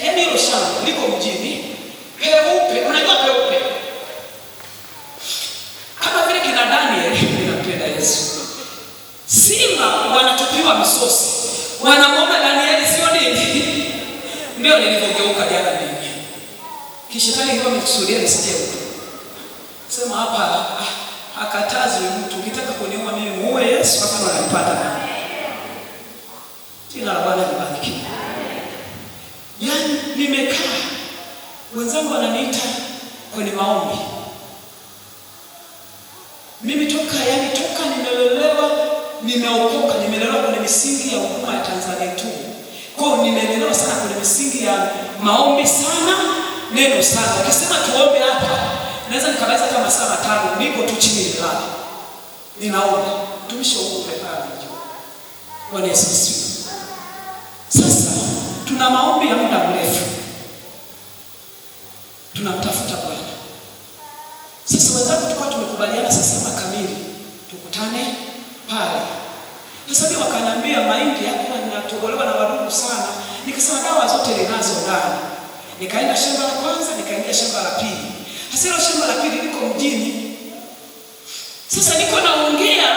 Yaani hilo shamba liko mjini, peupe. Unajua peupe kama vile kina Daniel, ninampenda Yesu. Simba wanatupiwa misosi, wanamwomba Danieli, sio nini? Ndio nilivyogeuka jana mimi, kishetani ilikuwa imekusudia nisikie sema hapa ah, akatazi mtu, ukitaka kuniua mimi muue Yesu, hapa unanipata. Jina la Bwana tu nimekaa, wenzangu wananiita kwenye maombi. Mimi toka yani, toka nimelelewa, nimeokoka, nimelelewa kwenye misingi ya huduma ya Tanzania tu kwao, nimelelewa sana kwenye misingi ya maombi sana, neno sana. Ukisema tuombe hapa, naweza nikabaza kama saa matano, niko tu chini nilala, ninaomba mtumishi wa Mungu. Bwana Yesu asifiwe. Tuna maombi ya muda mrefu, tunamtafuta Bwana. Sasa wenzangu, tulikuwa tumekubaliana saa saba kamili tukutane pale. Sasa wakaniambia mahindi yako yanatogolewa na wadudu sana, nikasema dawa zote ninazo ndani. Nikaenda shamba la kwanza, nikaingia shamba la pili. Sasa hilo shamba la pili liko mjini. Sasa niko naongea,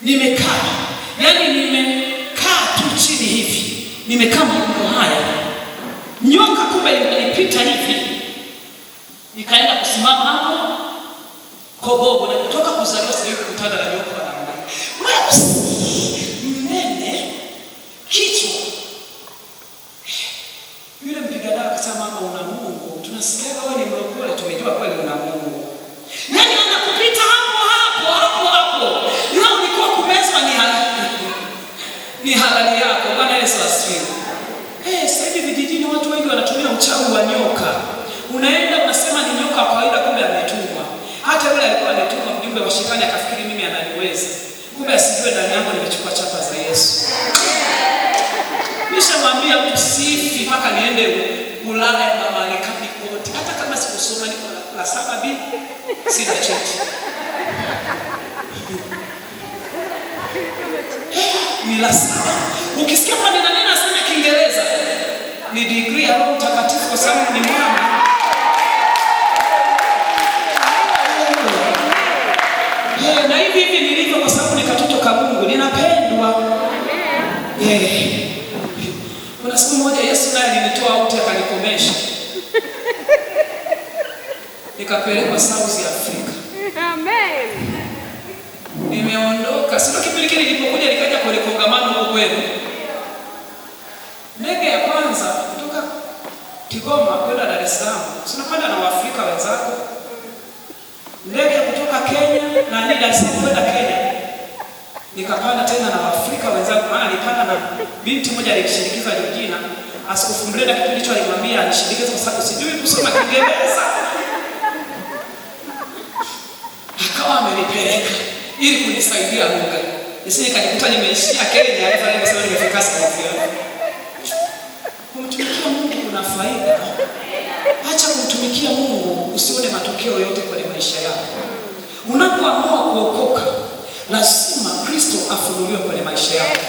nimekaa nimekaa magumu haya, nyoka kumbe ilipita hivi, nikaenda kusimama hapo kobogo, na kutoka kuzaliwa sijui kutana na nyoka. na Wewe akachofanya akafikiri mimi ananiweza, kumbe asijue ndani yangu nimechukua chapa za Yesu. Nishamwambia mtu sifi mpaka niende kulala ya Marekani kote, hata kama sikusoma niko la saba bi sina cheti ni la saba. Ukisikia kwamba nina nena sana Kiingereza ni degree ya Roho Mtakatifu kwa sababu ni mwana na hivi hivi nilivyo, kwa sababu ni katoto ka Mungu, ninapendwa. Eh. Kuna siku moja Yesu naye alinitoa uti akanikomesha, nikapelekwa South Africa. Amen. Nimeondoka sio kipindi kile nilipokuja, nikaja kwa kongamano huko kwenu, ndege ya kwanza kutoka Kigoma kwenda Dar es Salaam, sinapanda na Waafrika wenzako ndege na legacy kwenda Kenya. Nikapanda tena na Waafrika wenzangu, maana nilipanda na binti moja alinishirikisha Georgina. Askofu Mlenda kitu hicho alimwambia anishindikize kwa sababu sijui kusoma Kiingereza. Akawa amenipeleka ili kunisaidia lugha. Nisije nikajikuta nimeishia Kenya, hata leo sasa nimefika Scotia. Kumtumikia Mungu kuna faida. Acha kumtumikia Mungu usione matokeo yote kwenye maisha yako. Unapoamua kuokoka, lazima Kristo afunuliwe kwenye maisha yako,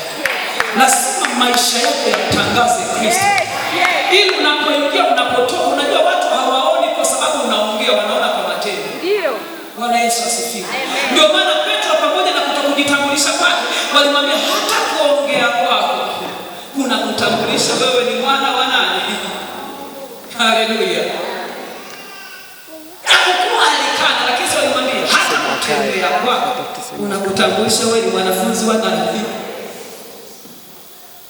lazima maisha yako yatangaze Kristo, ili unapoingia, unapotoka. Unajua watu hawaoni kwa sababu unaongea, wanaona kwa matendo. Bwana Yesu asifiwe. Ndio maana Petro pamoja na kutokujitambulisha kwake walimwambia, hata kuongea kwako kuna kutambulisha wewe ni mwana wa nani? Haleluya. kutambulisha wewe ni mwanafunzi wa nani?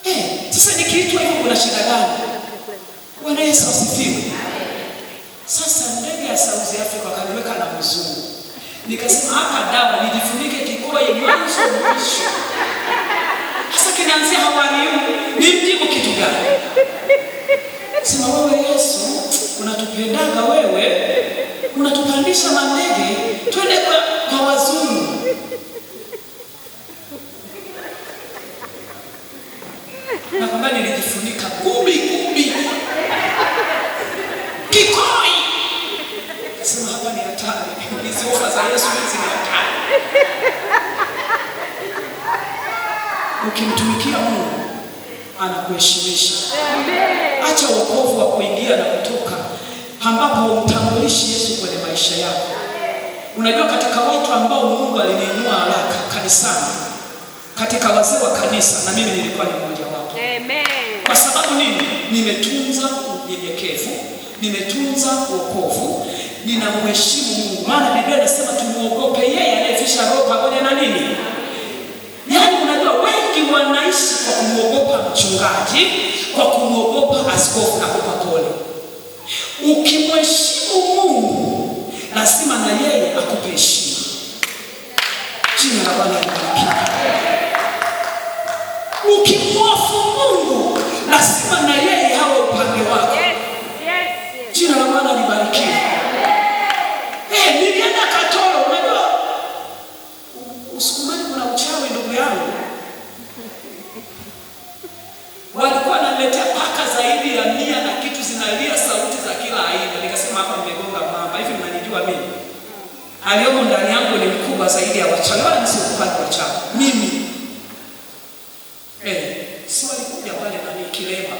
Eh, sasa nikiitwa hivyo kuna shida gani? Bwana Yesu asifiwe. Sasa ndege ya South Africa wakaniweka na mzungu, nikasema hapa dawa nijifunike kikoye mwanzo mwisho. Sasa kinaanzia habari ni mjibu kitu gani? Sema wewe Yesu, unatupendaga wewe ukimtumikia Mungu anakuheshimisha. Acha wokovu wa kuingia na kutoka, ambapo umtambulishi Yesu kwenye maisha yako. Unajua, katika watu ambao Mungu aliniinua haraka kanisani, katika wazee wa kanisa, na mimi nilikuwa ni mmoja wapo. Kwa sababu nini? Nimetunza unyenyekevu, nimetunza wokovu, ninamheshimu Mungu, maana Biblia inasema tumuogope yeye anayefisha roho pamoja na nini. Yaani unajua wengi wanaishi kwa kumwogopa mchungaji, kwa kumwogopa askofu na kupatole. Ukimheshimu Mungu, lazima na yeye akupe heshima. Jina la Bwana libarikiwe. Ukimhofu Mungu, lazima na yeye awe upande wako. Jina la Bwana libarikiwe. Eh, nilienda Katoro zaidi ya wachanga wala mimi sikupata wachanga mimi eh, si walikuja wale na mimi kilema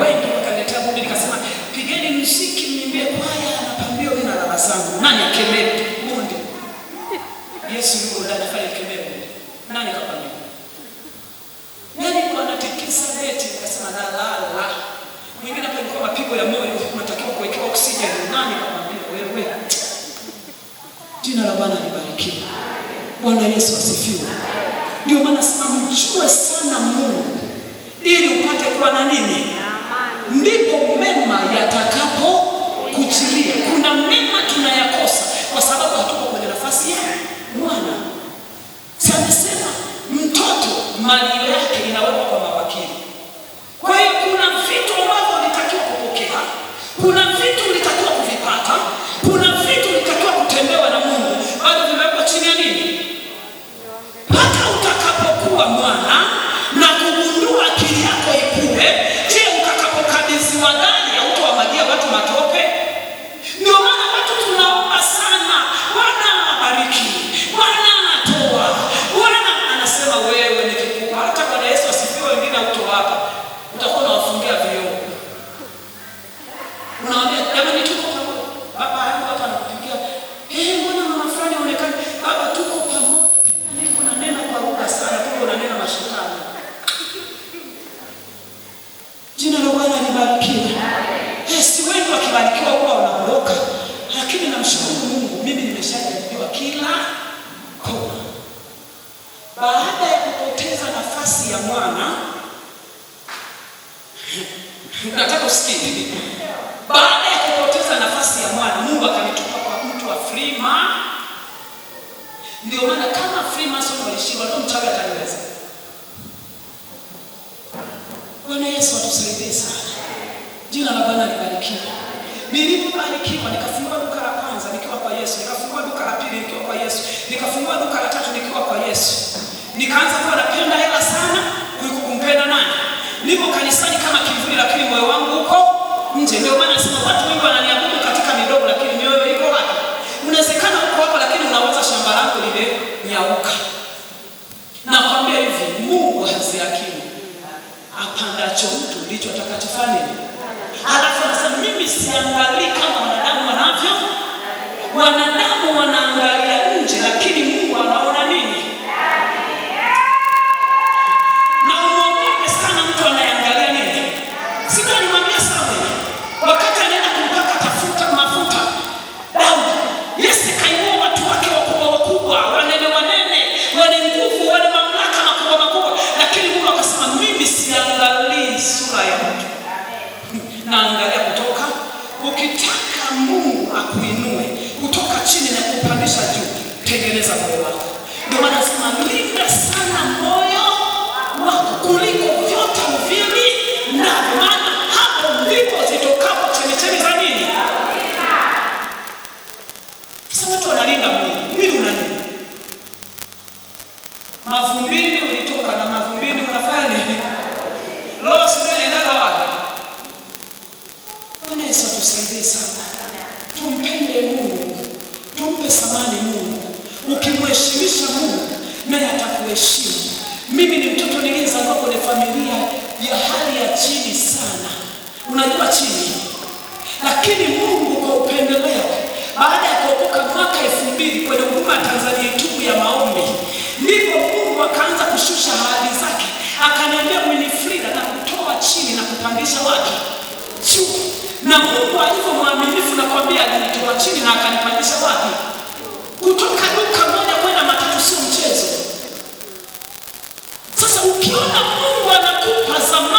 wengi wakaniletea bundi, nikasema pigeni muziki mnimbie kwaya na pambio mimi na baba zangu. Nani akemea bundi? Yesu yuko ndani pale kemea bundi. Nani kapambia? Nani kwa anatikisa beti? Nikasema la la la. Mwingine hapo ilikuwa mapigo ya moyo, unatakiwa kuwekewa oksijeni. Nani kapambia wewe? Jina la Bwana haki. Bwana Yesu asifiwe. Ndio maana sema mjue sana Mungu ili upate kuwa na nini, ndipo mema yatakapo kuchilia kuna Bwana Yesu atusaidie sana. Jina la Bwana libarikiwe. Nilipobarikiwa nikafungua duka la kwanza nikiwa kwa Yesu, nikafungua duka la pili nikiwa kwa Yesu, nikafungua duka la tatu nikiwa kwa Yesu. Nikaanza kuwa napenda hela sana kuliko kumpenda nani. Niko kanisani kama kivuli, lakini moyo wangu uko nje. Ndio maana nasema watu wengi wananiabudu katika midomo, lakini mioyo iko wapi? Unawezekana uko hapa, lakini unaweza shamba lako limenyauka. ambacho mtu ndicho atakachofanya. Halafu anasema mimi siangalii kama wanadamu wanavyo, wanadamu wanaangalia nje Mtoto analinda mwili, mwili unalinda. Mavumbini ulitoka na mavumbini unafanya nini? Roho sasa inaenda wapi? Bwana Yesu atusaidie sana. Tumpende Mungu. Tumpe samani Mungu. Ukimheshimisha Mungu naye atakuheshimu. Mimi ni mtoto niliyezaliwa kwenye familia ya hali ya chini sana. Unajua chini. Lakini Mungu kuulisha watu Na Mungu alivyo mwaminifu, nakwambia, alinitoa chini na akanipandisha wapi? Kutoka duka moja kwenda matatu, sio mchezo. Sasa ukiona Mungu anakupa zamani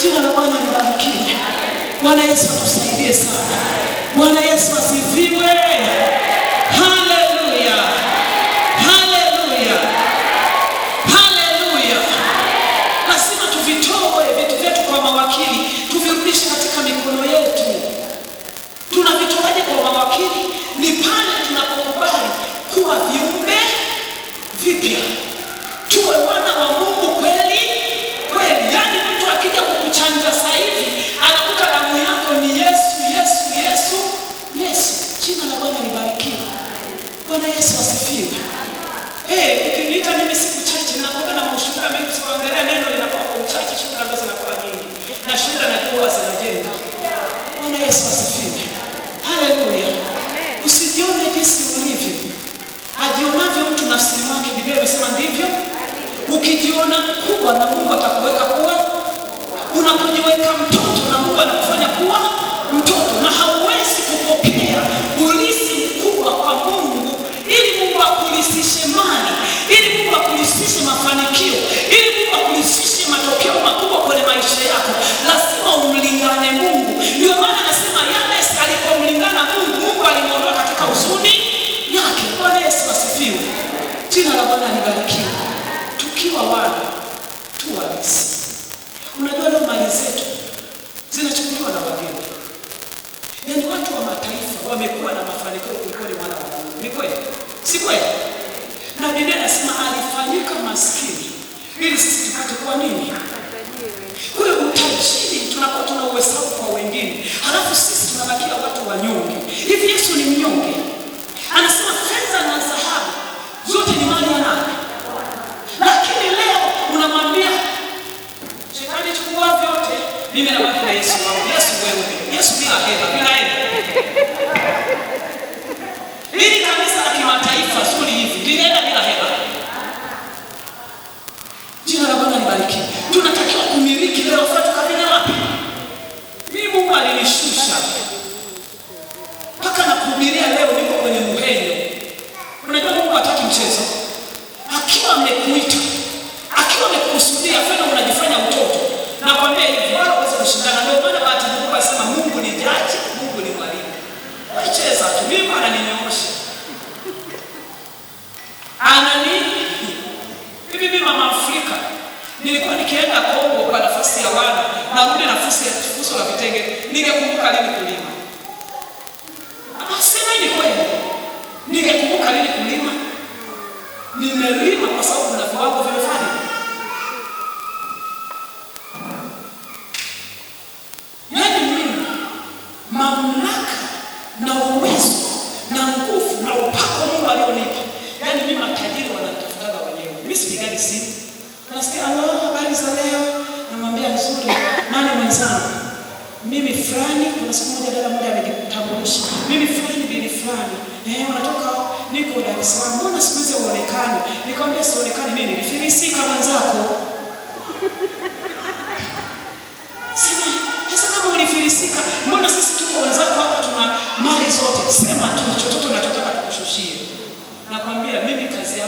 Jina la Bwana libarikiwe. Bwana Yesu atusaidie sana. Bwana Yesu asifiwe. Haleluya. Ukijiona mkubwa na Mungu atakuweka kuwa, unakujiweka mtoto na Mungu anakufanya kuwa mtoto, na hauwezi kupokea ulisi mkubwa kwa Mungu ili Mungu akulisishe mali, ili Mungu akulisishe mafanikio, ili Mungu akulisishe matokeo makubwa kwenye maisha yako, lazima umlingane Mungu. Ndio maana anasema Yanesi alipomlingana Mungu, Mungu alimwondoa katika huzuni yake. Bwana Yesu asifiwe, jina la Bwana libarikiwe tukiwa wana tuwa basi. Unajua leo mali zetu zinachukuliwa na wageni, yaani watu wa mataifa wamekuwa na mafanikio kuliko ni wana wa Mungu. Ni kweli, si kweli? Na Biblia inasema alifanyika maskini ili sisi tupate kwa nini? Ule utajiri tunapotoa uhesabu kwa wengine, halafu sisi tunabakia watu nahubiria leo, niko kwenye mwenye, Unajua Mungu hataki mchezo. Akiwa amekuita, akiwa amekusudia, fena, unajifanya mtoto. Nakwambia hivi, wala uweze kushindana. Ndio maana bahati Mungu asema Mungu ni jaji, Mungu ni mwalimu. Wewe cheza tu, mimi ananinyoosha. Anani Bibi mimi mama Afrika. Nilikuwa nikienda Kongo kwa nafasi ya wana, narudi nafasi ya fuso la vitenge. Ningekumbuka lini kulima. Nimekumbuka nini kulima? Nimelima kwa sababu na viwango vimefanya. Yaani mlima mamlaka na uwezo na nguvu na upako Mungu alionipa. Yaani mimi matajiri wanatafutana wenyewe. Mimi sipigani simu. Nasikia, "Allah, habari za leo?" Namwambia nzuri. Nani mwenzangu? mimi fulani. Kuna siku moja dada moja amejitambulisha, mimi fulani bibi fulani, eh, unatoka niko Dar es Salaam, mbona siku hizi uonekani? Nikamwambia sionekani nini, kama mwenzako sema sasa, kama ulifirisika, mbona sisi tuko wenzako hapa, tuna mali zote, sema tu chochote tunachotaka tukushushie. Nakwambia mimi kazi